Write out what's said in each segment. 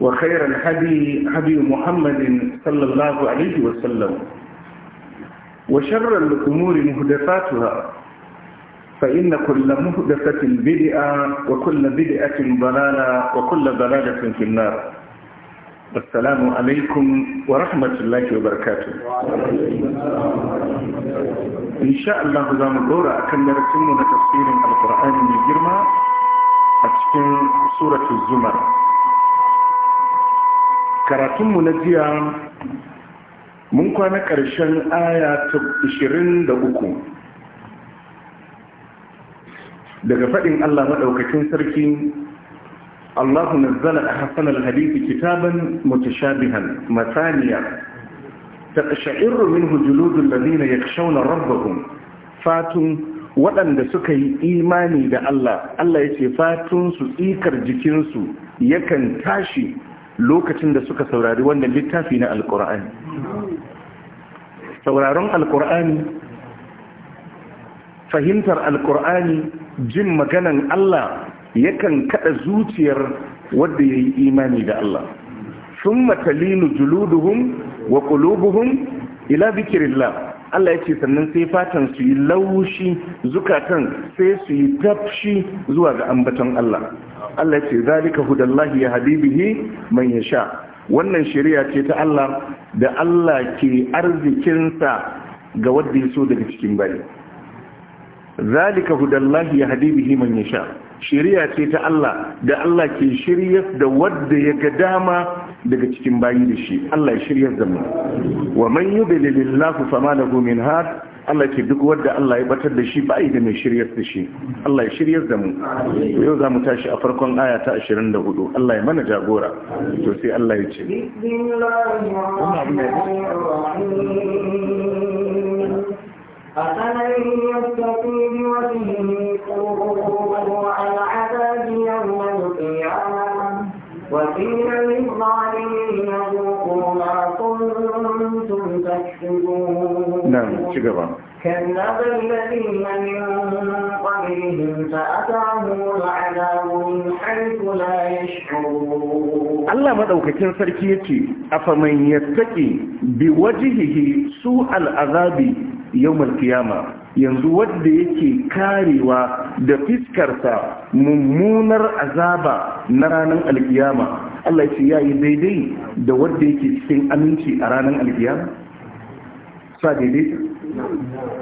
وخير الهدي هدي محمد صلى الله عليه وسلم وشر الأمور مهدفاتها فإن كل مهدفة بدئة وكل بدئة ضلالة وكل ضلالة في النار السلام عليكم ورحمة الله وبركاته إن شاء الله ذا مدورة أكمل رسمنا تفسير القرآن من جرمى أتكون سورة الزمر karatunmu na jiya mun kwana ƙarshen aya ta 23 daga faɗin Allah maɗaukakin sarki Allahu nazzala a hasanar Hadithi, kitaban mutashabihan matsaniya ta ƙasha'irru min hujjuludun lalina ya shauna rabbahun fatun waɗanda suka yi imani da Allah Allah ya ce fatunsu su tsikar jikinsu yakan tashi lokacin da suka saurari wannan littafi na alkur'ani sauraron alkur'ani fahimtar alkur'ani jin maganan Allah yakan kada zuciyar wanda ya yi imani da Allah sun matalinu juluduhun wa ƙulubuhun ila zikirillah Allah ya ce sannan sai fatan su yi laushi zukatan sai su yi tafshi zuwa ga ambaton Allah Allah ya ce zalika hudallahi ya habibihi man yasha wannan shari'a ce ta Allah da Allah ke arzikinsa ga wanda ya so daga cikin bari zalika hudallahi ya habibihi man yasha shari'a ce ta Allah da Allah ke shirya da wadda ya ga dama daga cikin bayi da shi Allah ya shirya da mu wa man yudlilillahu fama da gomin har, Allah ke duk wadda Allah ya batar da shi ba da mai shiryar da shi Allah ya shiryar da mu yau za mu tashi a farkon aya ta 24 Allah ya mana jagora to sai Allah ya ce أفمن يتقي بوجهه سوء العذاب يوم القيامة وقيل للظالمين ذوقوا ما كنتم تكسبون نعم شكرا كذب الذين من قبلهم فأتاهم العذاب من حيث لا يشعرون الله مدوكتين سركيتي أفمن يتقي بوجهه سوء العذاب يوم القيامة yanzu wadda yake karewa da fiskarsa mummunar azaba na ranar alkiyama Allah ce ya yi daidai da wadda yake cikin aminci a ranar alkiyama? sa daidai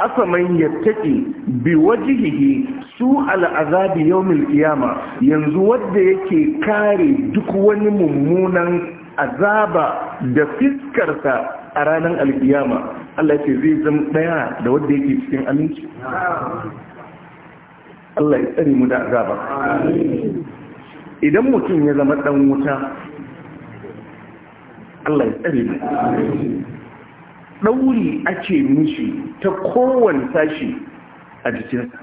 afaman yattaki bi wajihihi su al'azabi yawmil qiyama yanzu wanda yake kare duk wani mummunan azaba da fiskarsa a ranar alkiyama Allah ce zai zama daya da wanda yake cikin aminci Allah ya tsare mu da azaba idan mutum ya zama dan wuta Allah ya tsare mu ɗauri ake mishi ta kowane sashi a jikinsa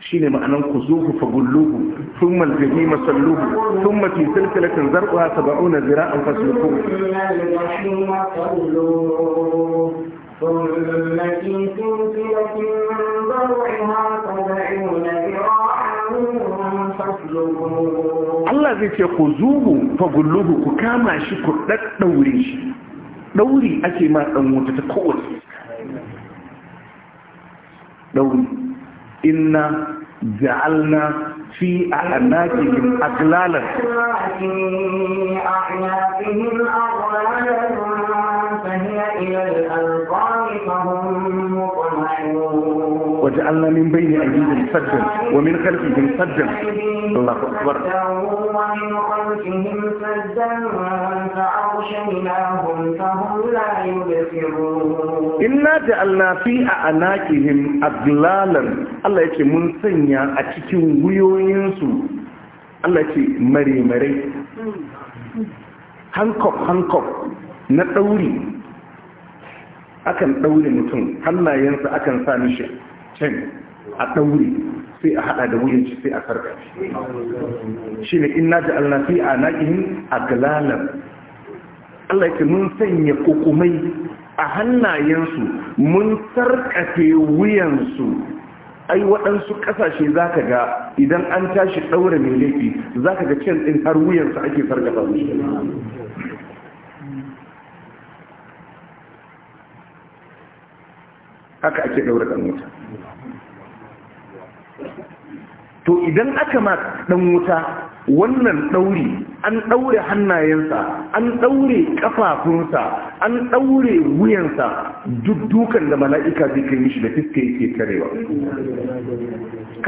shi ne ma'anan ku zuhu fa gulluhu sun maljahi masalluhu sun mafi silsilatin zarɓa saba'u na zira'an fasulku ثم في سلسلة ضرعها سبعون Allah zai ce ku zuhu fa ku kama shi ku ɗaɗɗaure shi ɗauri ake ma ɗan wuta ta kowace dauri inna ja'alna fi a'naqihim aglalan a'naqihim aglalan وجعلنا من بين أيديهم سدا ومن خلفهم سدا الله أكبر إنا جعلنا في أعناقهم أغلالا الله يكي من سنيا أتكي ويوينسو الله يكي مري مري hankok-hankok نتوري ɗauri akan ɗaure mutum hannayensa akan sa mishi can a wuri, sai a haɗa da wuyanci sai a sarƙa shi ne in na ji allah a naƙihin a galalar allah ke mun sanya kukumai a hannayensu mun sarkafe wuyansu ai waɗansu ƙasashe za ka ga idan an tashi ɗaure mai laifi za ka ga can ɗin har wuyansu ake su. haka ake ɗaura ɗan wuta to idan aka ma dan wuta wannan ɗauri an ɗaure hannayensa an ɗaure ƙafafunsa an ɗaure wuyansa duk dukan da mala'ika zai kai mishi da fiska yake karewa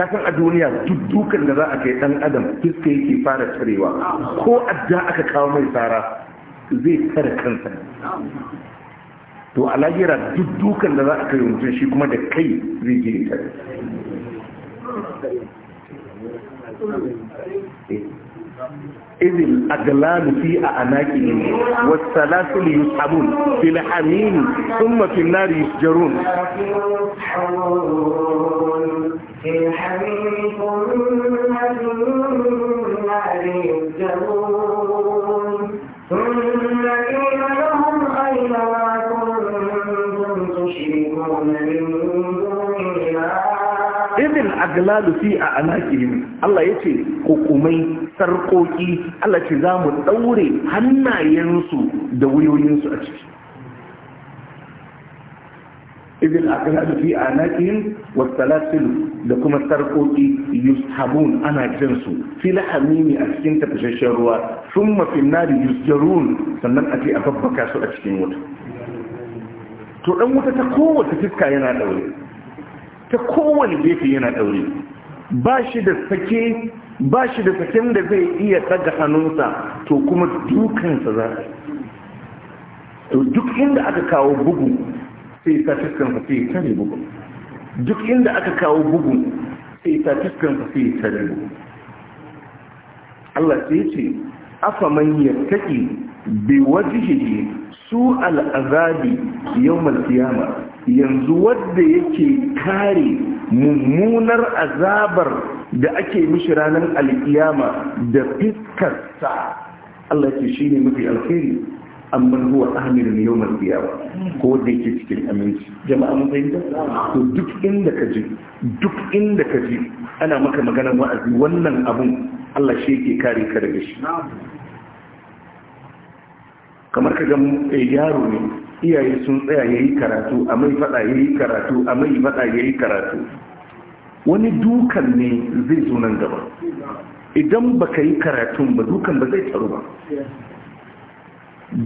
kasan a duniya duk dukan da za a kai ɗan adam fiska yake fara karewa ko adda aka kawo mai tsara zai tsara kansa to a lahira duk dukan da za a kai mutum shi kuma da kai zai je tare. إذ الأغلال في أعناقهم والسلاسل يسحبون في الحميم ثم في النار يسجرون في الحميم ثم في النار يسجرون aglalu fi a anakihim Allah ya ce hukumai sarkoki Allah ce za mu daure hannayensu da wuyoyinsu a ciki idil aglalu fi a anakihim wasalasilu da kuma sarkoki yushabun ana su fil hamimi a cikin tafashashen ruwa sun mafin nari yusjarun sannan a ce a babbaka su a cikin wuta to dan wuta ta kowace fiska yana daure ta kowane gefe yana ɗaure ba shi da sake ba shi da saken da zai iya daga hannunsa to kuma dukansa za a to duk inda aka kawo bugu sai ta fiskansa sai ta ne bugu duk inda aka kawo bugu sai ta fiskansa sai ta ne bugu Allah sai ce afa man yattaki bi wajhihi su al'azabi yau malkiyama yanzu wadda yake kare mummunar azabar da ake mishi ranar alkiyama da fiskarsa Allah ce shi ne mafi alkhairi amma huwa amirin yau malkiyama ko da yake cikin aminci jama'a mun fahimta to duk inda ka ji duk inda ka ji ana maka maganar wa'azi wannan abun Allah shi yake kare ka daga shi kamar ka ga eh, yaro ne iyaye sun tsaya ya yi karatu a mai fada yi karatu a mai fada yi karatu wani dukan ne zai zo nan gaba idan baka yi karatun ba dukan ba zai tsaro ba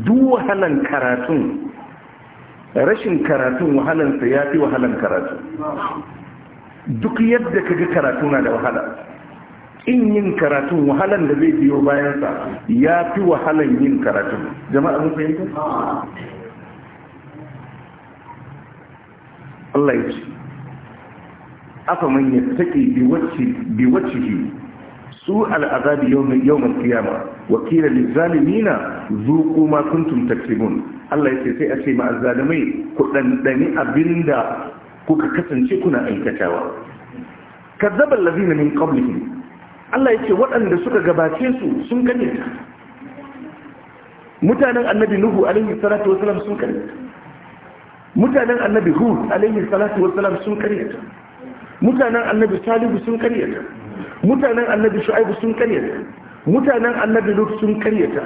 duk wahalan karatun rashin karatun wahalansa ya fi wahalan karatu duk yadda ka ga karatu na da wahala in yin karatun wahalan da zai biyo bayansa ya fi wahalan yin karatun jama'a mun fahimta Allah ya ce afa man yattaqi bi wajhi bi su al'azabi yawm al-qiyama wa qila lil-zalimina dhuqu ma kuntum taksibun Allah ya ce sai a ce ma azzalimai ku dandani abinda kuka kasance kuna aikatawa kazzaba allazina min qablihim Allah ya ce waɗanda suka gabace su sun karyata mutanen annabi nuhu alaihi salatu wasalam sun karyata mutanen annabi hud alaihi salatu wasalam sun karyata mutanen annabi salihu sun karyata mutanen annabi shu'aibu sun karyata mutanen annabi lut sun karyata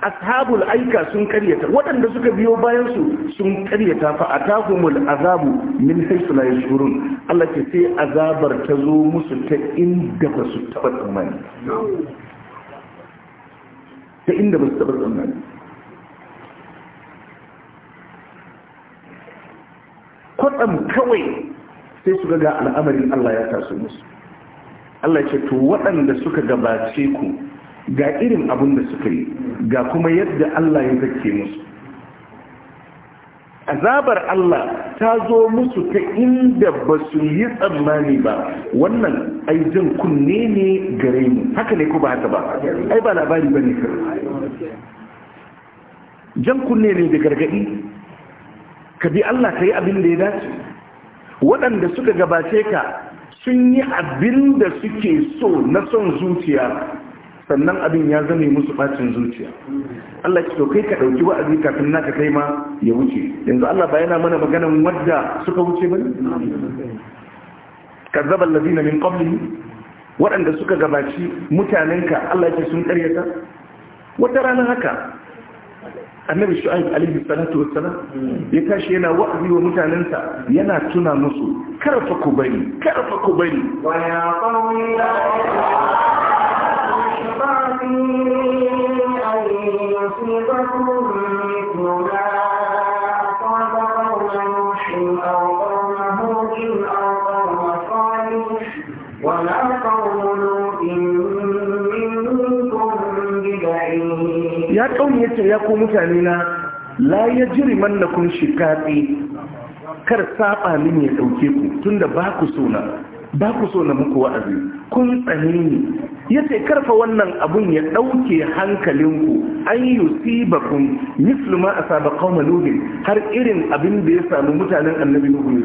ashabul aika sun karyata waɗanda suka biyo bayan su sun karyata fa atahumul azabu min haythu la yashurun Allah ke sai azabar ta zo musu ta inda ba su taba tsammani ta inda ba su taba tsammani kwatsam kawai sai su ga al'amarin Allah ya taso musu Allah ce to waɗanda suka gabace ku ga irin abin da suka yi ga kuma yadda Allah ya zake musu azabar Allah ta zo musu ta inda ba su yi tsammani ba wannan aijin kunne ne gare mu haka ne ku ba haka ba ai ba labari ba ne jan kunne ne da gargaɗi ka bi Allah ka yi abin da ya dace waɗanda suka gabace ka sun yi abin da suke so na son zuciya sannan abin ya zame musu bacin zuciya Allah to kai ka dauki wa'azi kafin naka kai ma ya wuce yanzu Allah ba yana mana maganan wadda suka wuce bane kazzaba allazina min qablihi waɗanda suka gabaci mutanenka Allah ya sun karyata wata rana haka annabi shu'aib alaihi salatu wassalam ya tashi yana wa'azi wa mutanensa yana tuna musu karfa ku bari karfa ku bari wa ya qawmi la ya ce ya ku mutane na la ya jiri mannakun shikaɗi kar saba min ya ɗauke ku tunda ba ku na ba ku so na muku wa'azi kun tsani ne ya ce karfa wannan abun ya ɗauke hankalinku an yi ba mislu ma a saba har irin abin da ya samu mutanen annabi nuhu ya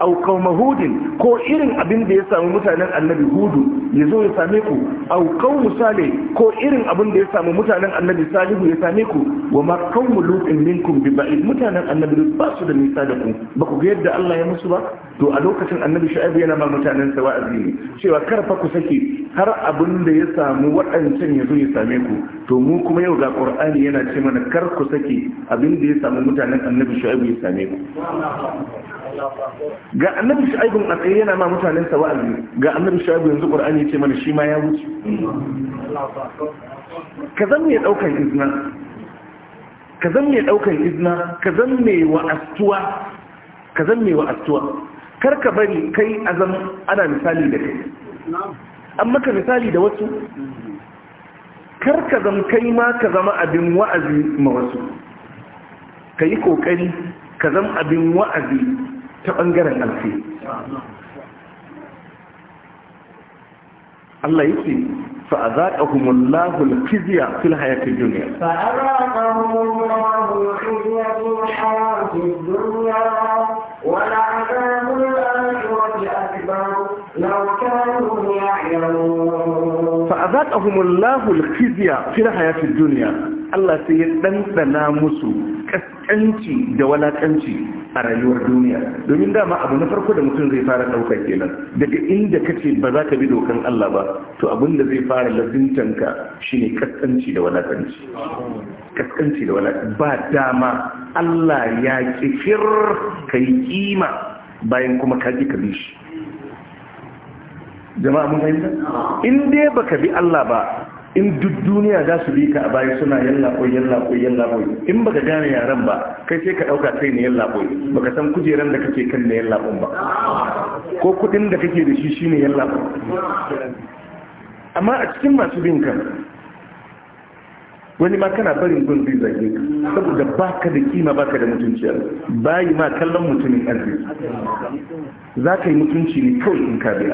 au qauma hudin ko irin abin da ya samu mutanen annabi hudu ya zo ya same ku au qaumu salih ko irin abin da ya samu mutanen annabi salihu ya same ku wa ma qaumu lutin minkum bi ba'id mutanen annabi ba su da nisa da ku ba ku ga yadda Allah ya musu ba to a lokacin annabi shu'aib yana ma mutanen sa wa'azi ne cewa kar fa ku saki har abin da ya samu waɗancan ya zo ya same ku to mu kuma yau ga qur'ani yana ce mana kar ku saki abin da ya samu mutanen annabi shu'aib ya same ku ga annabi shu'aibun a tsaye yana ma mutanen sa wa'azi ga annabi shu'aibu yanzu qur'ani yace mana shi ma ya wuce ka zan mai daukan izna ka zan mai daukan izna ka zan mai wa'astuwa ka zan mai wa'astuwa kar ka bari kai azam ana misali da kai amma ka misali da wasu kar ka zan kai ma ka zama abin wa'azi ma wasu ka yi kokari ka zan abin wa'azi الله ɓangaren فأذاقهم الله الخزي في الحياة الدنيا فأذاقهم الله الخزي في الحياة الدنيا ولعذاب الآخرة أكبر لو كانوا يعلمون fa’azakahumullahu alkhiziya fi na hayatun duniya Allah sai ya ɗanɗana musu ƙasƙanci da walaƙanci a rayuwar duniya domin dama abu na farko da mutum zai fara ɗauka kenan daga inda ka ce ba za ka bi dokan Allah ba to abin da zai fara lazintanka shi ne ƙasƙanci da walaƙanci da ba dama Allah ya ƙifir ka yi ƙima bayan kuma ka ji ka bi shi jama'a mun fahimta in dai baka bi Allah ba in duk duniya za su bi ka a baya suna yalla koyi yalla yalla in baka gane yaran ba kai sai ka dauka kai ne yalla baka san kujeran da kake kan ne yalla ba ko kudin da kake da shi shine yalla amma a cikin masu bin kan wani ma kana barin gun zai zage saboda ba baka da kima baka da mutunciyar bayi ma kallon mutumin arziki za ka yi mutunci ne kawai in ka bi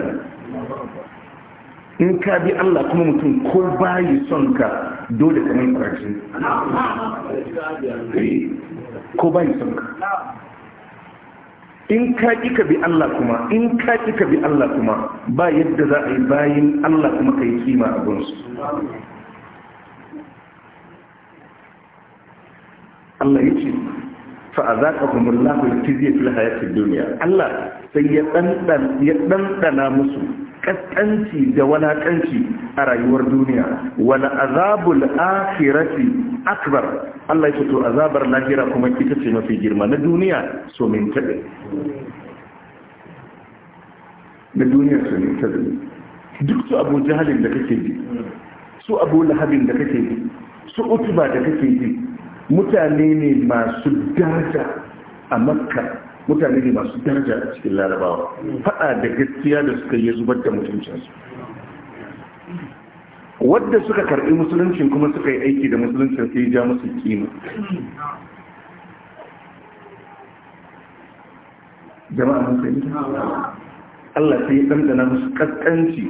Allah in ka bi Allah kuma mutum ko bayi son ka dole ka mai kwarci eh, ko bayi son ka in ka ki ka bi Allah kuma in ka ki ka bi Allah kuma ba yadda za a yi bayin Allah kuma ka yi kima a gunsu Allah ya ce fa'azaqahum Allahu al-khizya fil hayatid duniya. Allah sai ya ɗanɗana musu kaskanci da walakanci a rayuwar duniya wal azabul akhirati akbar Allah ya ce to azabar lahira kuma ita ce mafi girma na duniya so min tabe na duniya so min tabe duk su Abu Jahalin da kake bi, su Abu Lahabin da kake bi, su Utba da kake bi. mutane ne masu daraja a makka mutane ne masu daraja a cikin larabawa fada da gaskiya da suka yi zubar da mutuncinsu wadda suka karbi musuluncin kuma suka yi aiki da musuluncin sai ja musu kima jama'a mun fahimta Allah sai ya ɗanɗana musu ƙasƙanci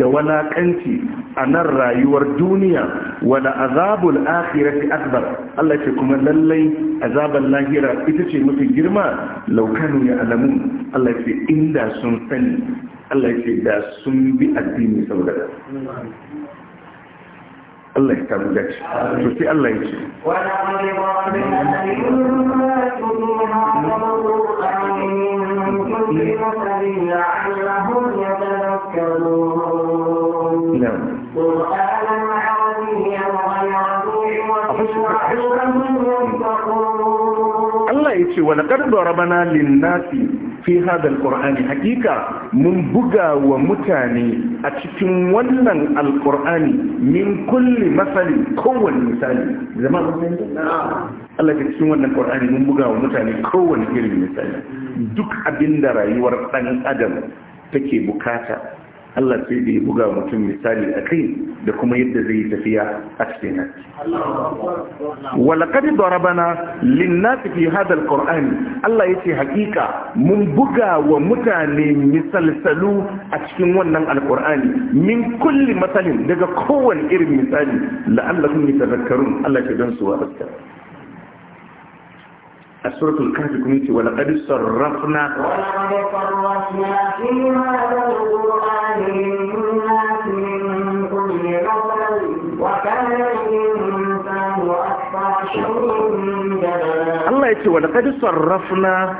da walaƙanci a nan rayuwar duniya wada azabul akhirati akbar Allah ce kuma lallai azabar lahira ita ce mafi girma laukanu ya alamu Allah ce inda sun sani Allah ce da sun bi addini saboda الله يكتب لك تسي الله يجي ولا مرضى بالأيام ما تدوها كل مثل لعلهم يتذكرون نعم قرآنا عربيا وغير ذي وجه yace wa laqad darabana lin fi hadha al hakika mun buga wa mutane a cikin wannan al-qur'ani min kulli masali kowanne misali jama'a Allah ka cikin wannan qur'ani mun buga wa mutane kowane irin misali duk abinda rayuwar ɗan adam take bukata Allah sai da ya buga mutum misali a kai da kuma yadda zai tafiya a cikin hajji. Walakadi darabana linnasi fi hadal Qur'an Allah ya ce hakika mun buga wa mutane misalsalu a cikin wannan alƙur'ani min kulli matsalin daga kowane irin misali la'allakum yatazakkarun Allah ya ce don su wa سورة الكهف كنيتي ولقد صرفنا ولقد صرفنا في هذا القرآن للناس من كل مثل وكان الإنسان أكثر شيء الله يقول ولقد صرفنا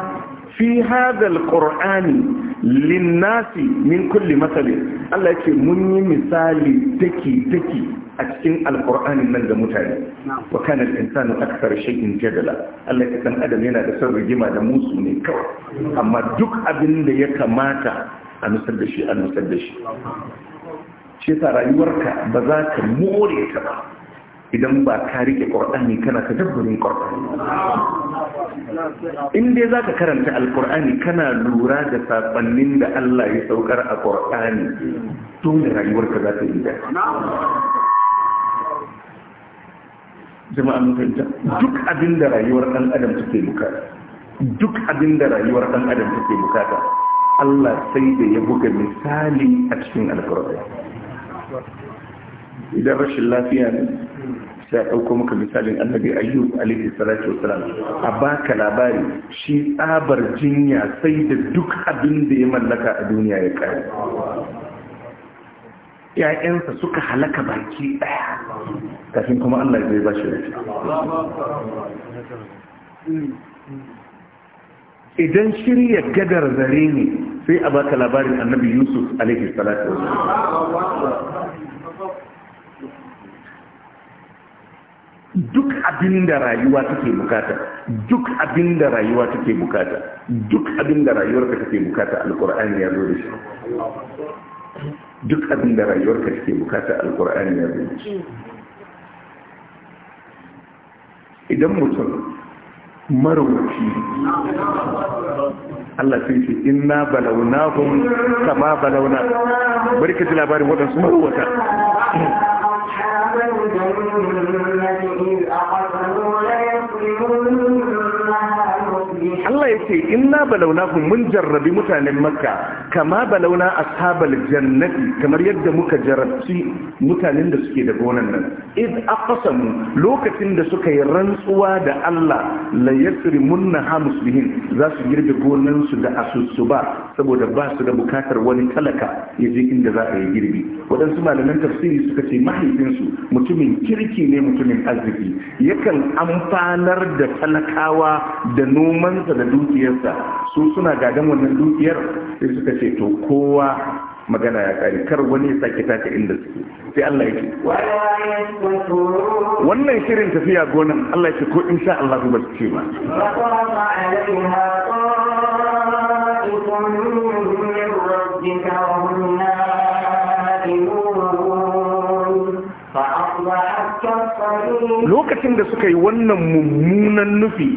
في هذا القرآن linnasi min kulli matsalin Allah ce mun yi misali daki-daki a cikin alkur'anin nan ga mutane wa kana insanu akthar shay'in jadala Allah ya san adam yana da son rigima da musu ne kawai amma duk abin da ya kamata a nusar da shi a nusar da shi ce ta rayuwarka ba za ka more ta ba idan ba ka rike ƙor'ani kana ta dabbarin ƙor'ani in dai za ka karanta alƙor'ani kana lura da saɓannin da Allah ya saukar a ƙor'ani tun da rayuwarka za ta yi da mutunta duk abin da rayuwar ɗan adam take bukata duk abin da rayuwar ɗan adam take bukata Allah sai da ya buga misali a cikin alƙur'ani idan rashin lafiya ne sai a ɗauko maka misalin annabi ayyub alaihi salatu wasalam a baka labari shi tsabar jinya sai da duk abin da ya mallaka a duniya ya kare ‘ya'yansa suka halaka baki ɗaya kafin kuma Allah zai ba shi rafi idan shirya gadar zare ne sai a baka labarin annabi yusuf alaihi salatu wasalam duk abin da rayuwa take bukata duk abin da rayuwa take bukata duk abin da rayuwarka take bukata alkur'ani ya zo da shi duk abin da rayuwarka take bukata alkur'ani ya zo da shi idan mutum marubuci Allah sai ce inna balaunahum kama balawna bari ji labarin wadansu marubuta الجنة إذ أقسموا ليصلمنها Allah ya ce inna balauna ku mun jarrabi mutanen makka kama balauna ashabal jannati kamar yadda muka jarabci mutanen da suke da gonan nan id aqsamu lokacin da suka yi rantsuwa da Allah la munna hamus bihin za su girbe gonan su da asusuba saboda ba su da bukatar wani talaka ya je inda za a yi girbi waɗansu malaman tafsiri suka ce mahaifinsu mutumin kirki ne mutumin arziki yakan amfanar da talakawa da noman girmansa da dukiyarsa su suna gadon wannan dukiyar sai suka ce to kowa magana ya kare kar wani ya sake taka inda suke sai Allah ya ce wannan shirin tafiya gonan Allah ya ce ko insha Allah ba su ce ba lokacin da suka yi wannan mummunan nufi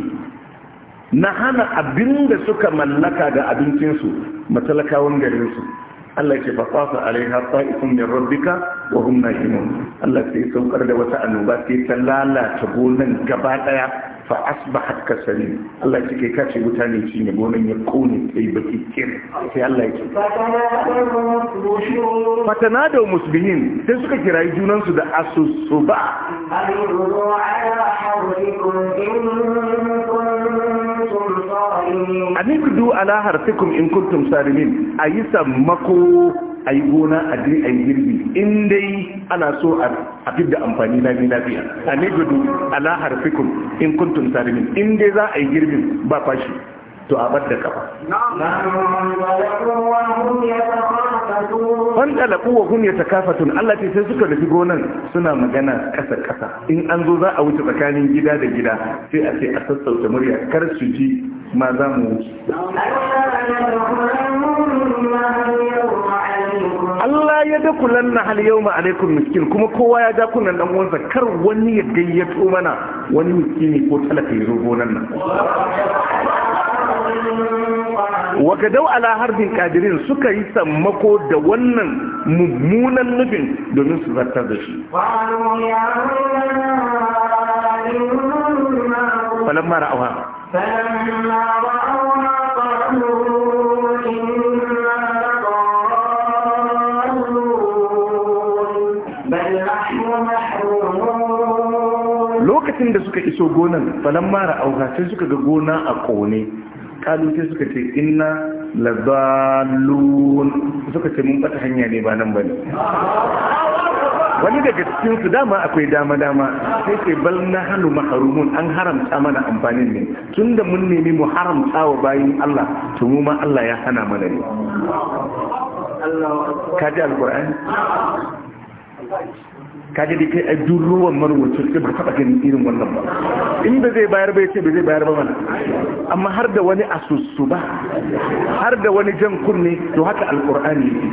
na hana abin da suka mallaka da abincinsu matalakawan garinsu Allah ke fasafa alaiha sa'ifun min rabbika wa hum na'imun Allah sai saukar da wata annoba sai ta lalata gonan gaba daya fa asbahat Sani. Allah ke kai kace wuta ne shi ne gonan ya kone sai baki kir sai Allah ya ce fatana da musbihin sai suka kirayi junan su da asusuba allahu ala hawlikum in kuntum du ala harfikum in kuntum salimin ayi sammako ayi gona a je ayi girbi in dai ana so a da amfani na ni lafiya du ala harfikum in kuntum salimin in dai za a yi girbin ba fashi to a bar da kafa fan talabu wa hum yatakafatun Allah ce sai suka nufi gonan suna magana kasa kasa in an zo za a wuce tsakanin gida da gida sai a ce a sassauta murya kar su ji ma za mu Allah ya kulan na hal yau alaikum miskin kuma kowa ya ja kunan dan uwansa kar wani ya gayyato mana wani miskini ko talaka ya zo gonan nan dau ala harbin kadirin suka yi sammako da wannan mummunan nufin domin su zartar da shi falamma ra'awa lokacin da suka iso gonan falamma mara sai suka ga gona a ƙone. kalu sai suka ce inna labalun suka ce mun bata hanya ne ba nan ba ne wani daga cikin su dama akwai dama dama sai ce bal na halu maharumun an haramta mana amfanin ne tun da mun nemi mu haramta wa bayin Allah to mu ma Allah ya hana mana ne kaji alqur'ani kaga da kai a duk marubuci sai ba taba ganin irin wannan ba in ba zai bayar bai ce ba zai bayar ba mana amma har da wani asusu ba har da wani jan kunne to haka alkur'ani ne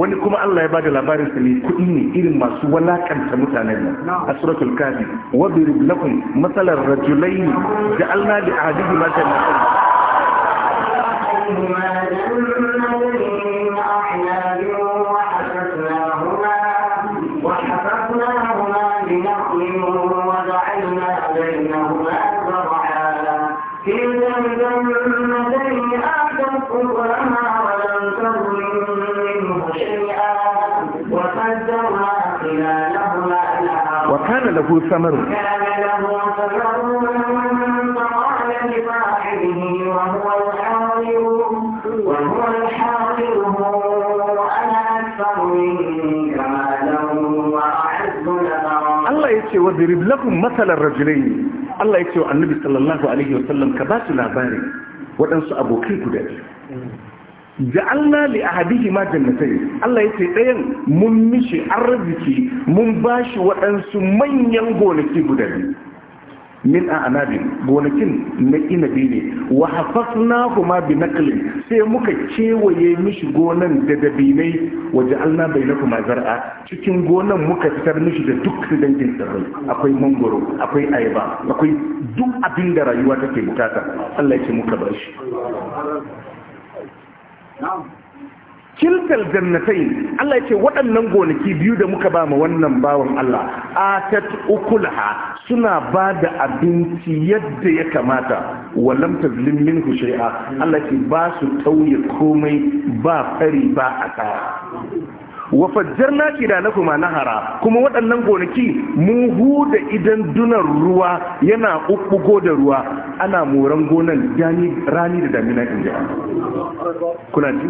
wani kuma Allah ya bada labarin sa ne kuɗi ne irin masu walakanta mutanen nan a suratul kafi wa bi lakum masalan rajulain ja'alna li ahadihi masalan بينهما زرعا في جنتين آتت أكلها ولم تظلم منه شيئا وفجرنا خلالهما نهرا وكان له ثمر wadrib matsalar masalan rajulayn Allah ya ce wa annabi sallallahu alaihi wasallam ka ba su labari waɗansu abokai guda biyu a li ma jannatai, Allah ya ce ɗayan mun mishi arziki mun bashi waɗansu manyan gonaki guda biyu min a anabin gonakin na inabi ne wa hafafna kuma bi naklin sai muka kewaye mishi gonan da dabinai waje alna bai na kuma zar'a cikin gonan muka fitar mishi da duk dangin tsirrai akwai mangoro akwai ayaba akwai duk abin da rayuwa take bukata Allah ya ce muka bar shi kiltal jannatai Allah ya ce waɗannan gonaki biyu da muka ba ma wannan bawan Allah atat ukulaha suna ba da abinci yadda ya kamata walam tazlim minhu shay'a Allah ce ba su tauye komai ba fari ba asara wa fajjarna kidanakuma nahara kuma waɗannan gonaki mu huda idan dunar ruwa yana uku da ruwa ana moran gonan rani da damina in ji kuna ji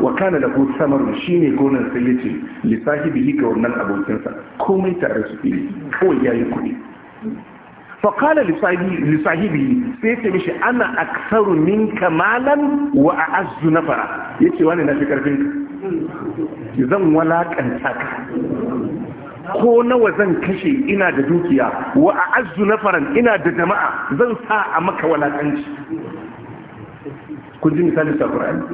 wa kana da samar shine gonar sai yace li sahibihi ga wannan abokinsa komai tare su fili kawai yayi kuɗi fa qala li sahibihi sai yace mishi ana aktsaru min kamalan wa a'azzu nafara yace wani na fi karfin ka zan walakanta ka ko nawa zan kashe ina da dukiya wa a'azzu nafaran ina da jama'a zan sa a maka walakanci kun ji misalin ta Qur'ani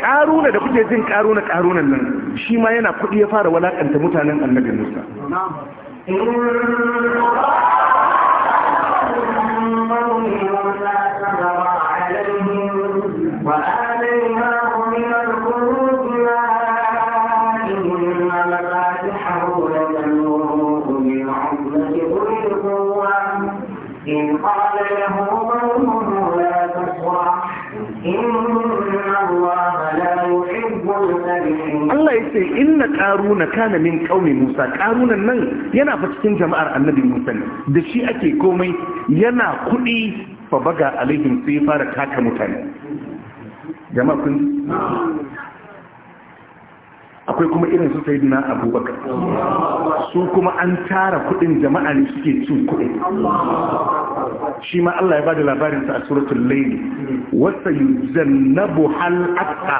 Karuna da kuke jin Karuna Karunan nan shi ma yana kuɗi ya fara walakanta mutanen Annabi Musa قال Allah ya ce inna qaruna kana min qaumi Musa qarunan nan yana fa cikin jama'ar Annabi Musa ne da shi ake komai yana kuɗi fa baga alaihim sai fara taka mutane jama'a kun akwai kuma irin su sai na abubakar su kuma an tara kuɗin jama'a ne suke cin kuɗi shi ma Allah ya ba da labarinsa a suratul laili wasa yuzannabu hal aqqa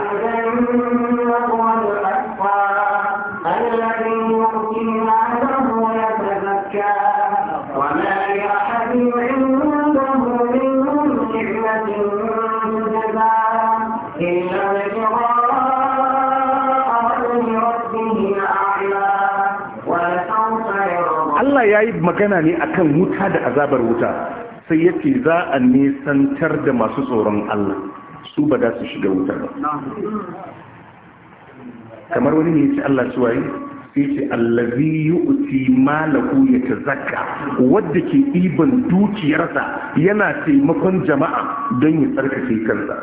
yi magana ne akan wuta da azabar wuta sai yace za a nisantar da masu tsoron Allah su ba za su shiga wuta ba kamar wani ne ya ce Allah suwaye yace allazi yu'ti malahu yatazakka wanda ke iban dukiyarsa yana taimakon jama'a don ya tsarkake kansa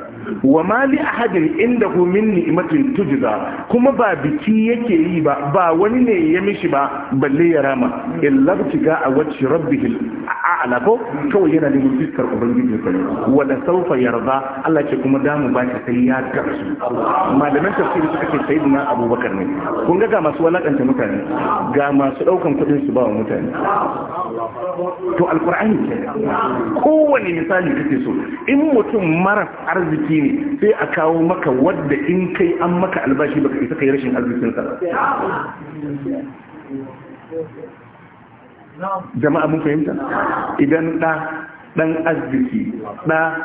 wa mali ahadin indahu min ni'matin tujza kuma ba biki yake yi ba ba wani ne ya mishi ba balle ya rama illa tiga a wacce rabbihi a'ala ko kawai yana neman fiskar ubangiji ne wa la sawfa yarda Allah ce kuma damu ba ta sai ya gamsu malaman tafsiri suka ce sayyidina abubakar ne kun ga ga masu walakanta ta mutane ga masu ɗaukan kuɗin su ba mutane to alkur'ani ke kowane misali kake so in mutum mara arziki ne sai a kawo maka wadda in kai an maka albashi baka isa kai rashin arzikinsa jama'a mun fahimta idan da ɗan arziki ɗa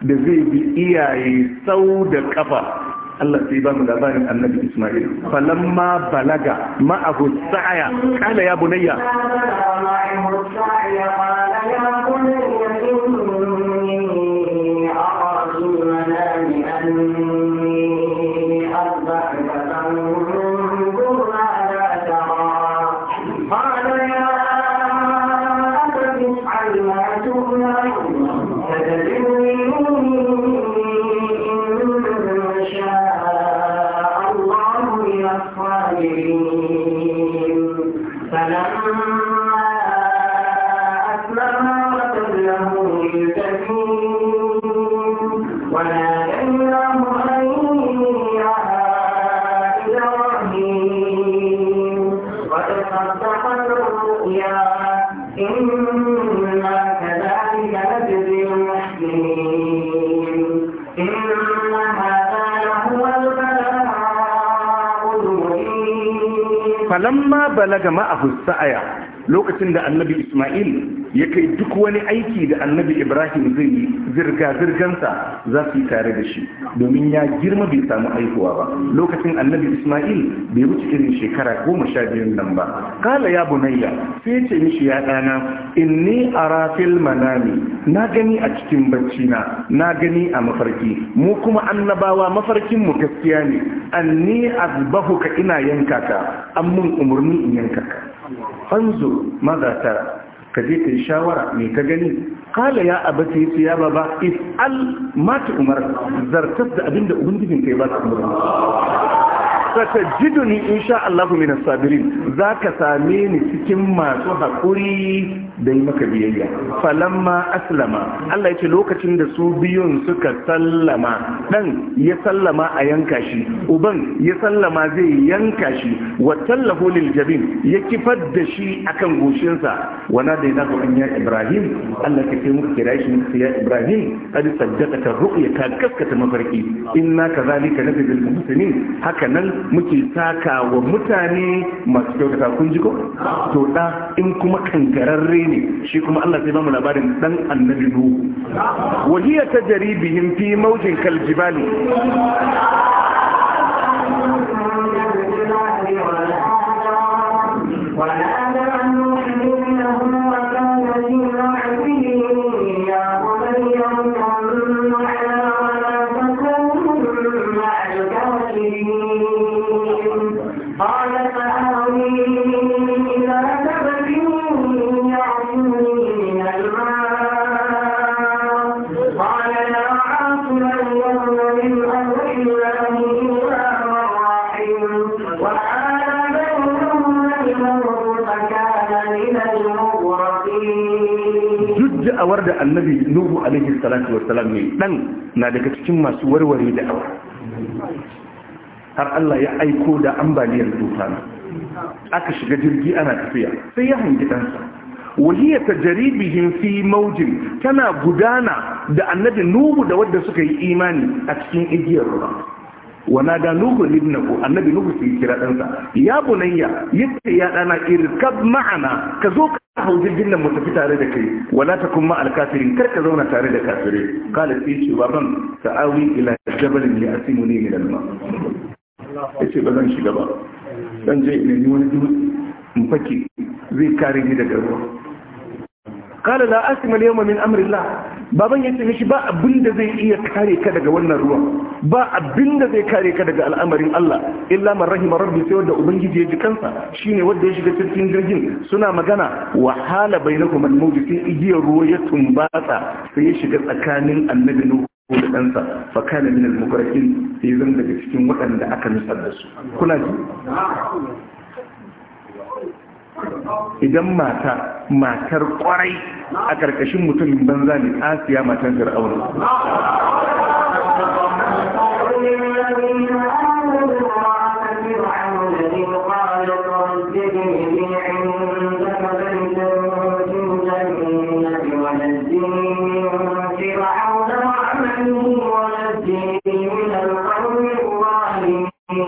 da zai bi iyaye sau da kafa الله في باب الأبان النبي إسماعيل فلما بلغ معه السعي قال يا بني قال يا بني falamma balaga ma'ahu sa'aya lokacin da annabi Ismail ya kai duk wani aiki da annabi ibrahim zai yi zirga-zirgansa za su yi tare da shi domin ya girma bai samu aikuwa ba lokacin annabi ismail bai wuce irin shekara goma sha biyun nan ba kala ya bunayya sai ce mishi ya ɗana ni a rafil manami na gani a cikin bacci na na gani a mafarki mu kuma annabawa mafarkin mu gaskiya ne an anni azbahuka ina yanka ka an mun umarni in yanka ka fanzo maza tara ka je yi shawara me ta gani kala ya abata yace ya baba if al mata umar zartas da abinda ubangijin kai ba ka umar satajiduni insha Allah min as-sabirin zaka same ni cikin masu hakuri da yi maka biyayya falamma aslama Allah yace lokacin da su biyun suka sallama dan ya sallama a yanka shi uban ya sallama zai yanka shi wa tallahu lil ya kifar da shi akan goshin sa wa nadaina ko an ya ibrahim Allah ka kai muka kira shi ya ibrahim qad ru'ya ka kaskata mafarki inna kadhalika nabiyul muslimin haka nan muke saka wa mutane masu kyautata kun ji ko to da in kuma kankararre ne shi kuma Allah sai ba mu labarin dan annabi nuhu wahiya tajri bihim fi mawjin kaljibali ولا da'awar da annabi nuhu alaihi salatu salam ne dan na daga cikin masu warware da'awa har Allah ya aiko da ambaliyar tufana aka shiga jirgi ana tafiya sai ya hangi ɗansa wahiyar ta jaribihim fi maujin tana gudana da annabi nuhu da wadda suka yi imani a cikin igiyar ruwa wa nada nuhu ibnahu annabi nuhu sai kira sa ya bunayya yace ya dana irkab ma'ana ka zo ka hau jirgin nan mu tafi tare da kai wala takun ma alkafirin kar ka zauna tare da kafire kala sai ce baban awi ila li asimuni min al-ma yace ba zan shiga ba dan je ne ni wani dutse in zai kare ni daga ruwa kala da asima yamma min amrillah baban yace mishi ba abin da zai iya kare ka daga wannan ruwan ba abin da zai kare ka daga al'amarin Allah illa man rahima rabbi sai wanda ubangiji ya ji kansa shine wanda ya shiga cikin jirgin suna magana wa hala bainakum al sai igiyar ruwa ya tumbata sai ya shiga tsakanin annabi nuhu da kansa fa kana min al sai zan daga cikin waɗanda aka nusar da su kuna ji idan mata matar kwarai a karkashin mutumin banza ni asiya matan fir'auna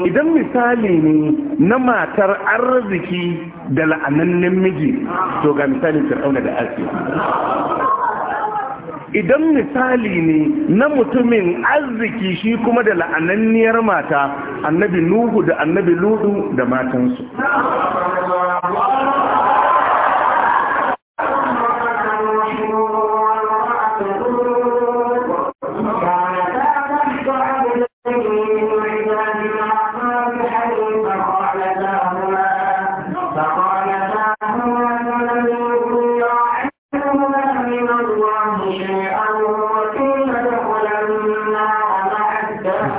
idan misali ne na matar arziki da la'anannen miji to ga ta fir'auna da asiya idan misali ne na mutumin arziki shi kuma da la'ananniyar mata annabi nuhu da annabi ludu da matansu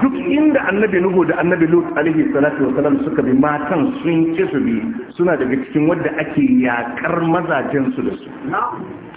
duk inda annabi nuhu da annabi lut alaihi salatu wasalam suka bi matan sun ki su bi suna daga cikin wadda ake yakar mazajen su da su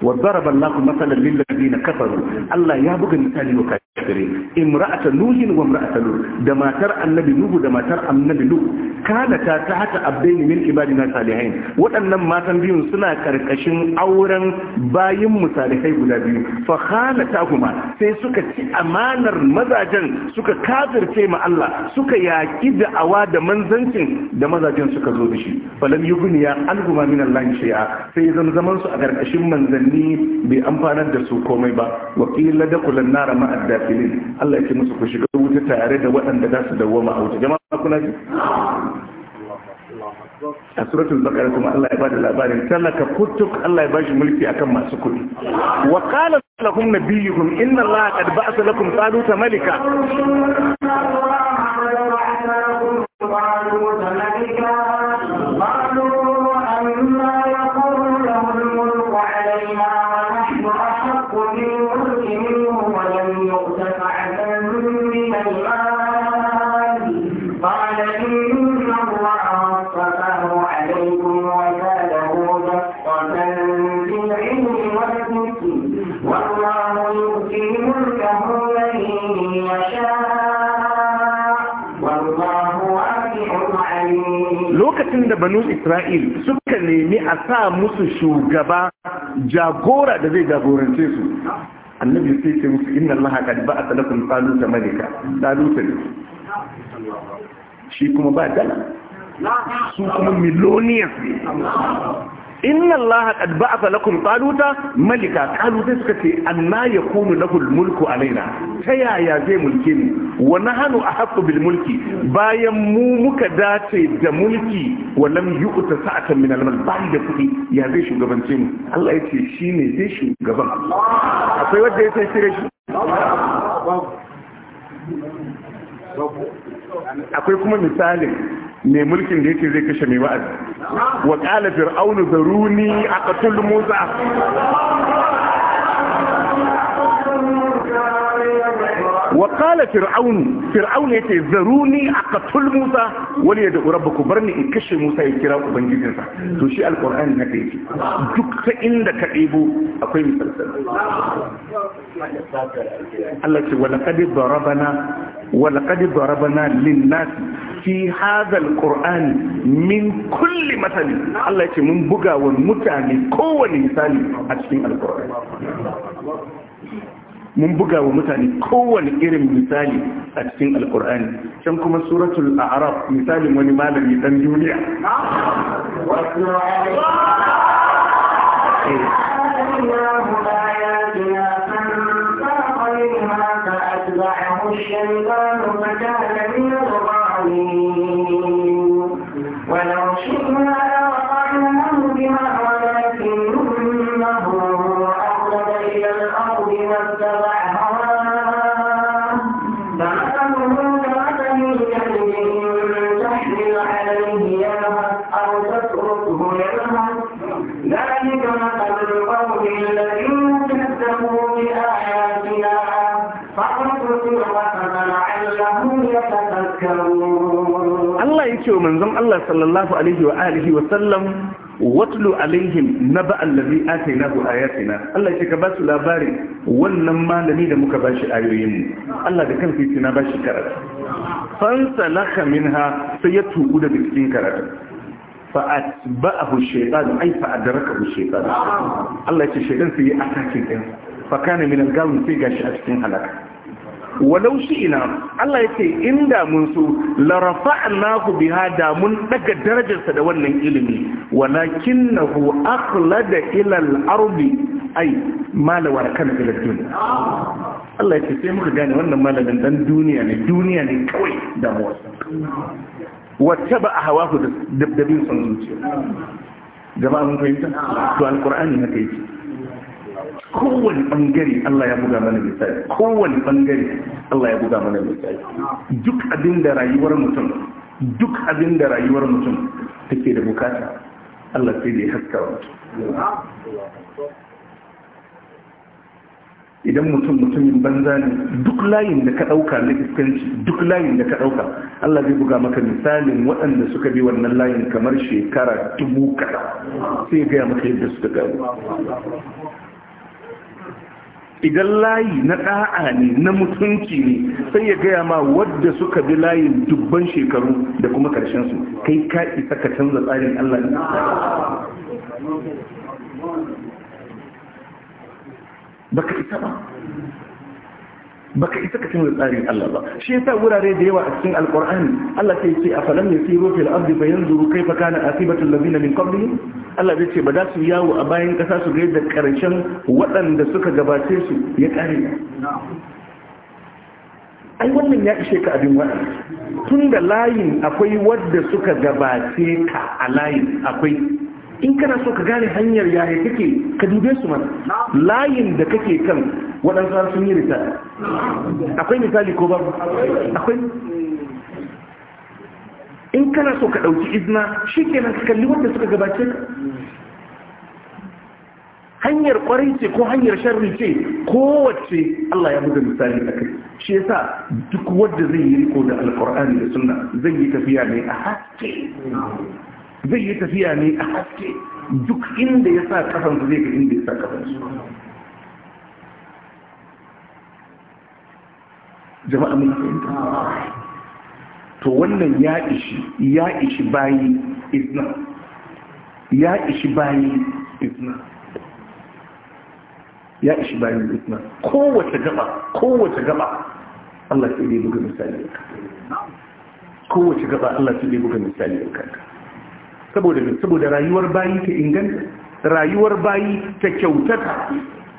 wa daraba Allahu masalan lil ladina kafaru Allah ya buga misali wa kafirai imra'atu nuhin wa imra'atu lut da matar annabi nuhu da matar annabi lut kana ta tahta abdain min ibadina salihin waɗannan matan biyun suna karkashin auren bayin mu guda biyu fa khanatahuma sai suka ci amanar mazajen suka kafirce ma Allah suka yaki da awa da manzancin da mazajen suka zo da shi falam yughniya anhuma min Allah shay'a sai zan zaman su a karkashin manzan manzanni bai amfanar da su komai ba wa qila dakulan nar ma ad Allah yake musu ku shiga wuta tare da waɗanda za su dawo a wuta jama'a kuna ji a suratul baqara kuma Allah ya bada labarin talaka kutuk Allah ya bashi mulki akan masu kuɗi wa qala lahum nabiyuhum inna Allah qad ba'atha lakum talut malika inna Allah malika lokacin da banu Isra'il suka nemi a sa musu shugaba jagora da zai jagorance su annabi sai ce musu inna allaha qad ba'atha lakum taluta malika ne? shi kuma ba dala su kuma miloniya inna allaha qad ba'atha lakum taluta malika qalu suka ce anna yakunu lahu mulku alaina ta yaya zai mulke mu wa nahnu ahaqqu bil mulki bayan mu muka dace da mulki wa lam yu'ta sa'atan min al mal da kudi ya zai shugabance mu Allah yace shine zai shugaban akwai wanda ya sai shire shi akwai kuma misalin ne mulkin da yake zai kashe mai wa'azi wa qala fir'aunu zaruni aqtul musa Waƙala Fir'aunu, fir'aun ya ce zaruni aqtul musa wal ku bar barni in kashe musa ya kira ubangijinsa to shi alqur'ani haka yake duk ta inda ka ɗebo akwai misalsal Allah ce wa laqad darabana wa laqad darabana lin nas fi hadha alqur'an min kulli mathali Allah ce mun buga wa mutane kowane misali a cikin alqur'ani mun buga wa mutane kowane irin misali a cikin alkur'ani can kuma suratul a'raf misalin wani malami dan duniya Allah sallallahu alaihi wa alihi wa sallam watlu alaihim naba allazi atainahu ayatina Allah ya ka basu labari wannan malami da muka bashi ayoyin mu Allah da kansa yace na bashi karatu fansa laka minha sai ya tuku daga cikin karatu fa atba'ahu shaytan ay fa adrakahu shaytan Allah ya ce shaytan sai ya atake din fa kana min al-gawin sai gashi a cikin halaka walau ina Allah ya ce inda mun so la rafa'nahu biha da mun daga darajarsa da wannan ilimi walakinnahu akhlada da ilal ardi ai mala warkana ila dunya Allah ya ce sai muka gane wannan malamin dan duniya ne duniya ne kawai da mu wata ba a hawa ku da bin son zuciya gaba mun fahimta to alqur'ani haka yake kowane bangare Allah ya buga mana misali kowane bangare Allah ya buga mana misali duk abin da rayuwar mutum duk abin da rayuwar mutum take da bukata Allah sai da ya haska mutum idan mutum mutumin banza ne duk layin da ka ɗauka na iskanci duk layin da ka ɗauka Allah zai buga maka misalin waɗanda suka bi wannan layin kamar shekara dubu kaɗa sai ya gaya maka yadda suka gano idan layi na ɗa'a ne na mutunci ne sai ya gaya ma wadda suka bi layin dubban shekaru da kuma su, kai ka isa ka canza tsarin Allah ne baka isa ba baka isa ka canza tsarin Allah ba shi yasa wurare da yawa a cikin alqur'ani Allah sai ce afalam siru fil ardi yanzuru kayfa kana asibatu allazina min qablihim Allah zai ce ba za su yawo a bayan kasa su ga yadda karshen waɗanda suka gabace su ya kare ai wannan ya ishe ka abin waɗa Tunda layin akwai wadda suka gabace ka a layin akwai in kana so ka gane hanyar yaya kake ka dube su mana layin da kake kan waɗansu sun yi misali akwai misali ko babu akwai in kana so ka ɗauki izina shi kenan ka kalli wanda suka gabace ka hanyar ƙwarai ce ko hanyar sharri ce kowace Allah ya buga misali a kai shi yasa duk wanda zai yi riko da Alƙur'ani da sunna zai yi tafiya ne a haske zai yi tafiya ne a haske duk inda ya sa kafansu zai ga inda ya sa kafansu. jama'a mun fahimta to wannan ya ishi ya ishi bayi izna ya ishi bayi izna ya ishi bayi izna kowace gaba kowace gaba Allah sai dai buga misali kowace gaba Allah sai dai buga misali ka saboda saboda rayuwar bayi ta inganta rayuwar bayi ta kyautata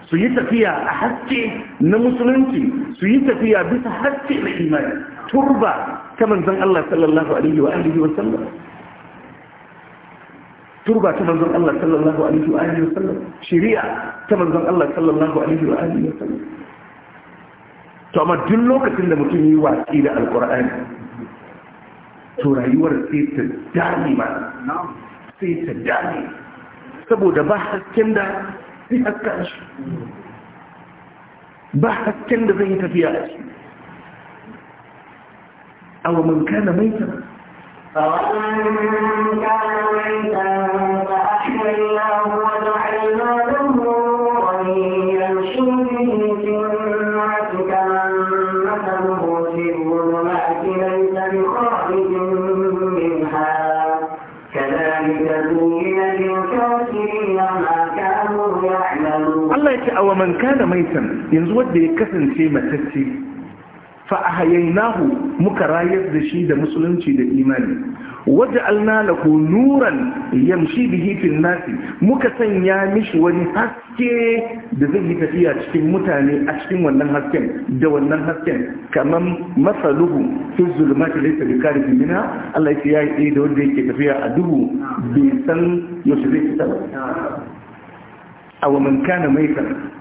su yi tafiya a haske na musulunci su yi tafiya bisa haske na imani turba ta manzon Allah sallallahu alaihi wa alihi wa sallam turba ta manzon Allah sallallahu alaihi wa alihi wa sallam shari'a ta manzon Allah sallallahu alaihi wa alihi wa sallam to amma duk lokacin da mutum yi watsi da alqur'ani to rayuwar sai ta dame ma sai ta dame saboda ba hasken da في التأش بحث كند ميت في أش أو من كان ميتا فَوَمَنْ كَانَ مَيْتًا فَأَحْيَى اللَّهُ Allah ce a wa man kana maitan yanzu wanda ya kasance matacce fa nahu muka rayar da shi da musulunci da imani waja'alna lahu nuran yamshi bihi fil nasi muka sanya mishi wani haske da zai yi tafiya cikin mutane a cikin wannan hasken da wannan hasken kaman masaluhu fi zulumati laysa bi kharij minha Allah ya yi da wanda yake tafiya a duhu bai san yaushe zai ba a wa man kana maitan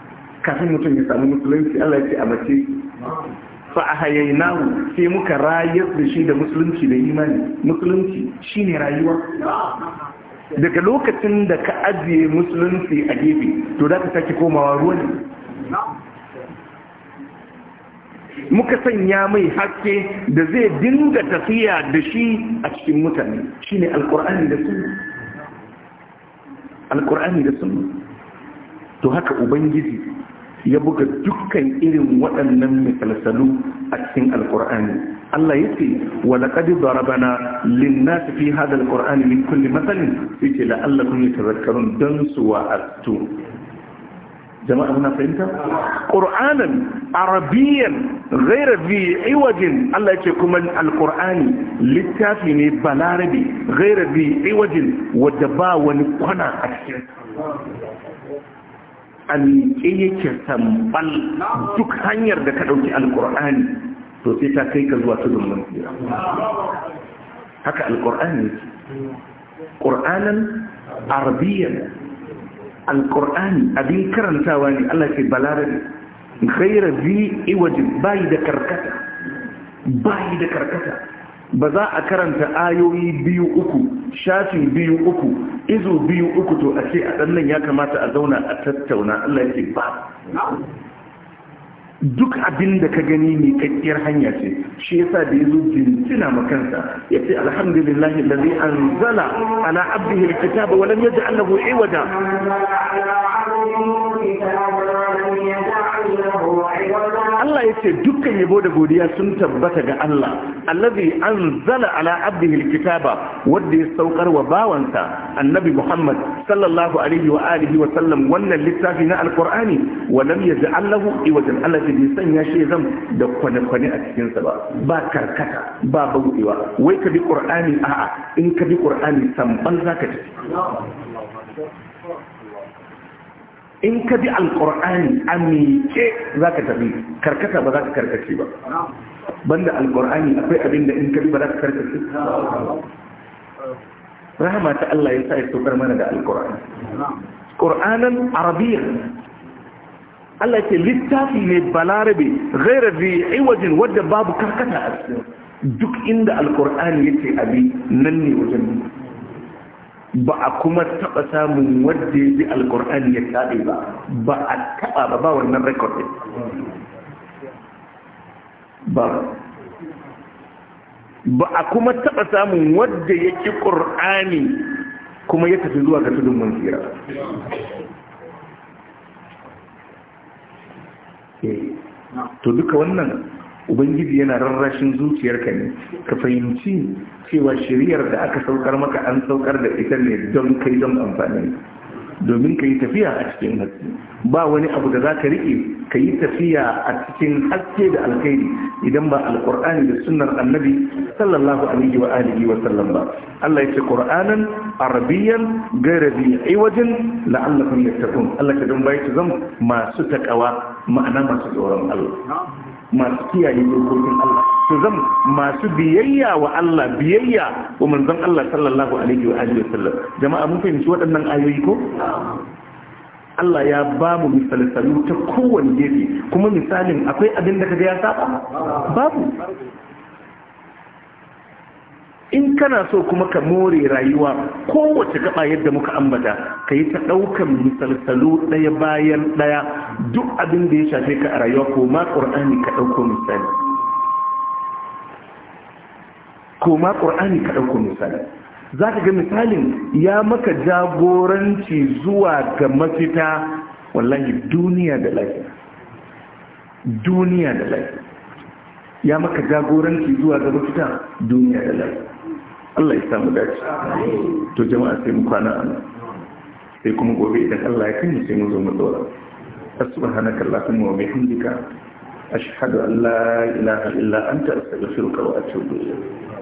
kafin mutum ya samu musulunci Allah ya ce a mace fa a ahayainahu sai muka rayar da shi da musulunci da imani musulunci shine rayuwa daga lokacin da ka ajiye musulunci a gefe to daka ka sake komawa ruwa muka sanya mai haske da zai dinga tafiya da shi a cikin mutane shine alkur'ani da sunna alkur'ani da sunna to haka ubangiji ya buga dukkan irin waɗannan misalsalu a cikin alkur'ani Allah ya ce wa laqad darabana lin-nasi fi hadha al-qur'ani min kulli mathalin yace la'allakum yatadhakkarun dan su wa'astu jama'a muna fahimta qur'anan arabiyan ghayra bi iwajin Allah yace kuma al-qur'ani littafi ne balarabi ghayra bi iwajin wadda ba wani kwana a cikin An miƙe yake tambal duk hanyar da ka ɗauki alƙur'ani to sai ta kai ka zuwa tudun mafiya haka alƙur'ani yake ƙur'anan alƙur'ani abin karantawa ne allah ke balarabi ghaira zi iwajin bayi da karkata bayi da karkata ba za a karanta ayoyi biyu uku shafi biyu uku izu biyu uku to a ce a ɗannan ya kamata a zauna a tattauna Allah ya ba duk abin da ka gani mai kakkiyar hanya ce shi yasa da yazo jinjina ya yace alhamdulillahi allazi anzala ala abdihi alkitaba wa lam yaj'al lahu iwaja yace dukkan yabo da godiya sun tabbata ga Allah allazi anzala ala abdihi alkitaba wanda ya saukar wa bawansa annabi Muhammad sallallahu alaihi wa alihi wa sallam wannan littafi na alqur'ani wa lam yaj'al lahu iwajan Allah ya sanya shi zam da kwane-kwane a cikin sa ba ba karkata ba bauɗewa wai ka bi qur'ani a'a in ka bi qur'ani samban zaka tafi in ka bi alƙur'ani a mike za ka tafi karkata ba za ka karkace ba banda alƙur'ani akwai abin da in ka bi ba za ka karkace rahama ta Allah ya sa ya saukar mana da alƙur'ani ƙur'anin arabiya Allah ce littafi ne balarabe gaira zai wajen wadda babu karkata a cikin duk inda alƙur'ani ya abi nan ne wajen ba a kuma taɓa samun wadda ya bi alkur'ani ya taɗe ba ba a taɓa ba ba wannan rekodin ba ba a kuma taɓa samun wadda ya ƙi ƙur'ani kuma ya tafi zuwa ga tudun manzira eh. to duka wannan ubangiji yana rarrashin zuciyarka ne ka fahimci cewa shiriyar da aka saukar maka an saukar da ita ne don kai don amfani domin ka yi tafiya a cikin haske ba wani abu da za ka riƙe ka yi tafiya a cikin haske da alkhairi idan ba alƙur'ani da sunnar annabi sallallahu alaihi wa alihi wa sallam ba Allah ya ce qur'anan arabiyyan gairu bi aywajin la'allakum yattaqun Allah ka dan bai zama masu takawa ma'ana masu tsoron Allah masu kiyaye dokokin Allah to zan masu biyayya wa Allah biyayya wa manzon Allah sallallahu alaihi wa alihi wasallam jama'a mun fahimci waɗannan ayoyi ko Allah ya ba mu misalsalu ta kowane gefe kuma misalin akwai abin da kaga ya saba babu in kana so kuma ka more rayuwa kowace gaba yadda muka ambata ka yi ta ɗaukan misalsalu ɗaya bayan ɗaya duk abin da ya shafe ka a rayuwa ko ma ƙur'ani ka ɗauko misali ko ma ƙur'ani ka ɗauko misali za ka ga misalin ya maka jagoranci zuwa ga mafita wallahi duniya da lafiya duniya da lafiya ya maka jagoranci zuwa ga mafita duniya da lafiya Allah ya samu dace to jama'a sai mu kwana a nan sai kuma gobe idan Allah ya kai sai mu zo mu dora subhanaka allahumma wa bihamdika ashhadu an la ilaha illa anta astaghfiruka wa atubu ilayk